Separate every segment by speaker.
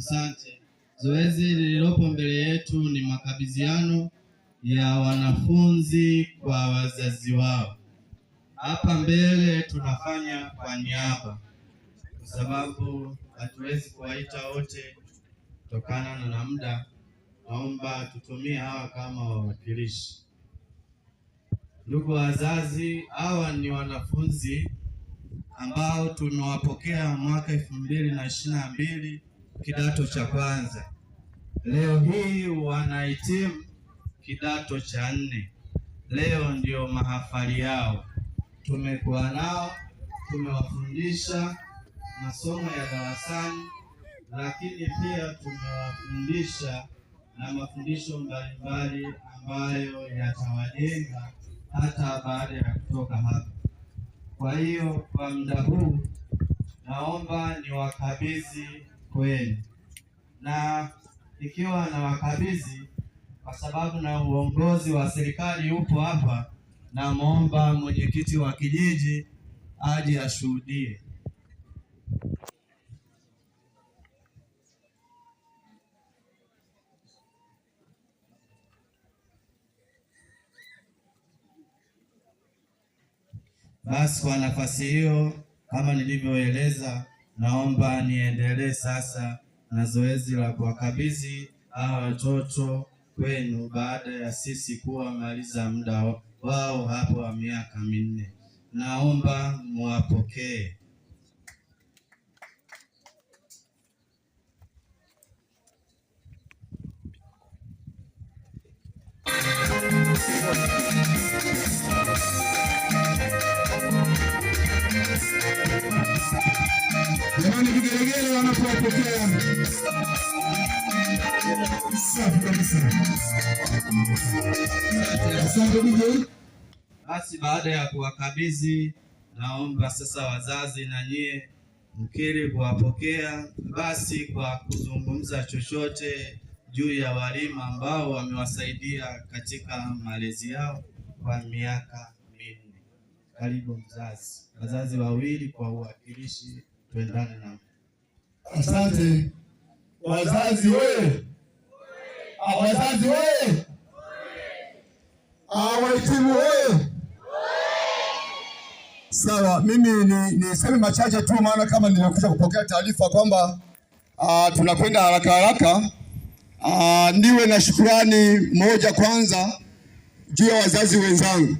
Speaker 1: Asante. Zoezi lililopo mbele yetu ni makabidhiano ya wanafunzi kwa wazazi wao. Hapa mbele tunafanya kwa niaba, kwa sababu hatuwezi kuwaita wote kutokana na muda. Naomba tutumie hawa kama wawakilishi. Ndugu wazazi, hawa ni wanafunzi ambao tumewapokea mwaka elfu mbili na ishirini na mbili kidato cha kwanza, leo hii wanahitimu kidato cha nne. Leo ndio mahafali yao. Tumekuwa nao, tumewafundisha masomo ya darasani, lakini pia tumewafundisha na mafundisho mbalimbali ambayo yatawajenga hata baada ya kutoka hapa. Kwa hiyo kwa muda huu naomba niwakabidhi kweli, na ikiwa na wakabidhi kwa sababu na uongozi wa serikali upo hapa, namwomba mwenyekiti wa kijiji aje ashuhudie. Basi kwa nafasi hiyo, kama nilivyoeleza Naomba niendelee sasa na zoezi la kuwakabidhi hawa watoto kwenu baada ya sisi kuwamaliza muda wao hapo wa miaka minne. Naomba muwapokee. Basi baada ya kuwakabidhi, naomba sasa wazazi na nyie mkiri kuwapokea basi kwa kuzungumza chochote juu ya walimu ambao wamewasaidia katika malezi yao kwa miaka minne. Karibu mzazi, wazazi wawili kwa uwakilishi, twendane na
Speaker 2: Asante wazazi we, wazazi we, wahitimu we. Sawa, mimi niseme ni machache tu, maana kama nimekuja kupokea taarifa kwamba ah, tunakwenda haraka haraka. Ah, niwe na shukurani moja kwanza juu ya wazazi wenzangu.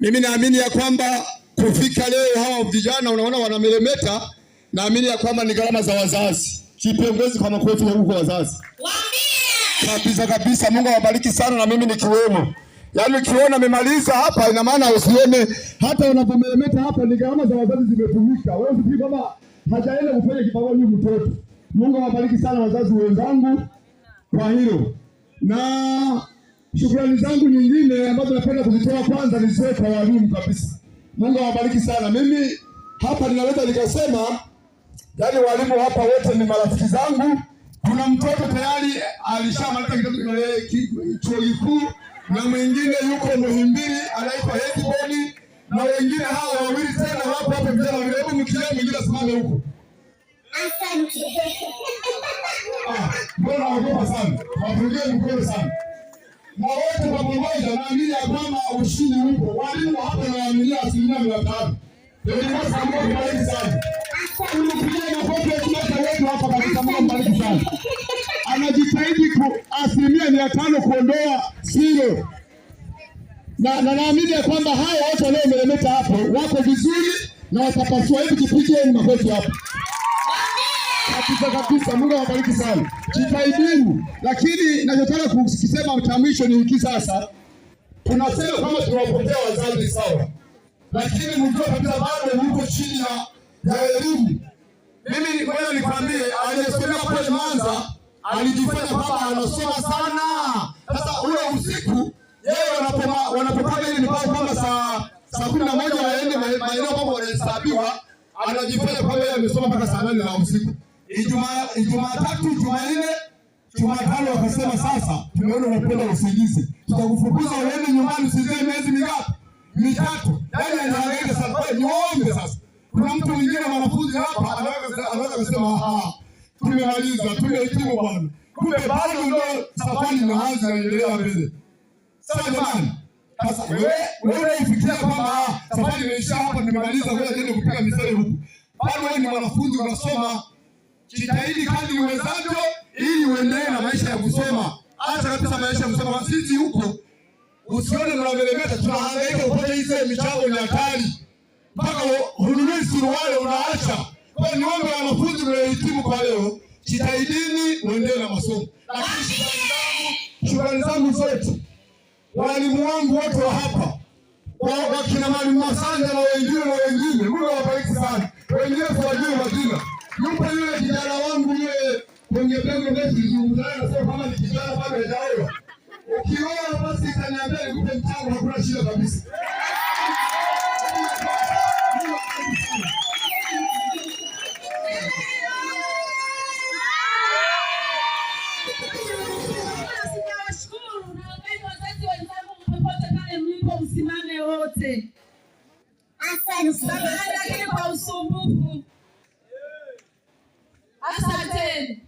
Speaker 2: Mimi naamini ya kwamba kufika leo hawa vijana unaona wanameremeta naamini ya kwamba ni gharama za wazazi. Kipongezi kwa makofi huko wazazi, kabisa kabisa. Mungu awabariki sana, na mimi nikiwemo. Yaani ukiona amemaliza hapa, ina maana usione hata unapomelemeta hapa, ni gharama za wazazi zimetumika. Wewe usifikiri kwamba hajaenda kufanya kipawa huyu mtoto. Mungu awabariki sana wazazi wenzangu kwa hilo, na shukrani zangu nyingine ambazo napenda kuzitoa, kwanza ni nizitoe kwa walimu kabisa. Mungu awabariki sana. Mimi hapa ninaweza nikasema Yaani walimu hapa wote ni marafiki zangu. Kuna mtoto tayari alishamaliza eh, chuo kikuu na mwingine yuko Muhimbili anaitwa Hedboni na wengine hawa wawili tena hapo hapo vijana wawili, hebu mkieni mwingine asimame huko.
Speaker 3: Asante.
Speaker 2: Ah, mbona waogopa sana? Wapungie mkono sana. Na wote kwa pamoja naamini ya kwamba ushindi upo. Walimu hapa naaminia asilimia mia tano. Ndio kwa sababu kwa sana unapigia anajitahidi asilimia mia tano kuondoa siro, na naamini ya kwamba hao wote waliomeremeta hapo wako vizuri na watapasua. Hebu jipigieni makofi hapo kabisa kabisa. Mungu awabariki sana, jitahidini. Lakini nachotaka kusema cha mwisho ni hiki sasa tunasema kama tunawapokea wazazi sawa, lakini mjua kabisa bado mko chini ya ya elimu. Mimi ngoja nikwambie, aliyesomea pale Mwanza alijifanya kwamba anasoma sana. Sasa ule usiku yeye wanapopanga ile ni kwamba saa saa kumi na moja waende maeneo ambapo wanahesabiwa, anajifanya kwamba yeye amesoma mpaka saa nane la usiku. Ijumaa Ijumaa tatu Jumanne Jumatano wakasema sasa, tumeona unapenda usingizi, tutakufukuza uende nyumbani usingizie miezi mingapi? Mitatu. Yaani anaangaika sana, niwaombe sasa kuna mtu mwingine mwanafunzi hapa anaweza kusema tumemaliza, tumehitimu bwana, kumbe bado ndo safari inaanza, inaendelea mbele. Sasa jamani, sasa wewe wewe unaifikiria kwamba ah, safari imeisha hapa, nimemaliza, ngoja niende kupiga mistari huku. Bado wewe ni mwanafunzi unasoma, jitahidi kadri uwezavyo ili uendelee na maisha ya kusoma. Acha kabisa maisha ya kusoma, sisi huko usione mnamelemeta, tunahangaika upate hizo michango ni hatari mpaka sisi wale unaacha kwa niombe wanafunzi mliohitimu kwa leo, jitahidini muendelee na masomo. Lakini shukrani zangu zangu zote walimu wangu wote wa hapa wakina Mwalimu Masanja na wengine na wengine, Mungu awabariki sana. Wengine siwajui majina. Yupo yule kijana wangu yule kwenye pengo letu zungumzana, sio kama ni kijana bado hajaoa. Ukioa basi kaniambia nikupe mchango, hakuna shida kabisa.
Speaker 4: Ninawashukuru msimame wote. Samahani kwa usumbufu. Asante.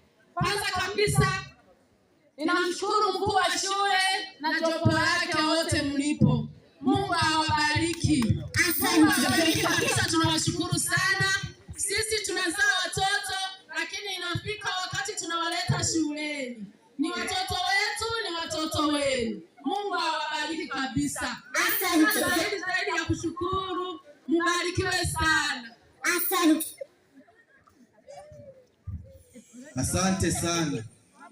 Speaker 4: mkuu wa shule na jopo wote mlipo. Mungu awabariki. tunawashukuru sana. Ubarikiwe sana.
Speaker 3: Asante.
Speaker 1: Asante sana.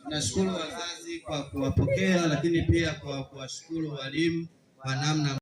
Speaker 1: Tunashukuru wazazi kwa kuwapokea, lakini pia kwa kuwashukuru walimu kwa namna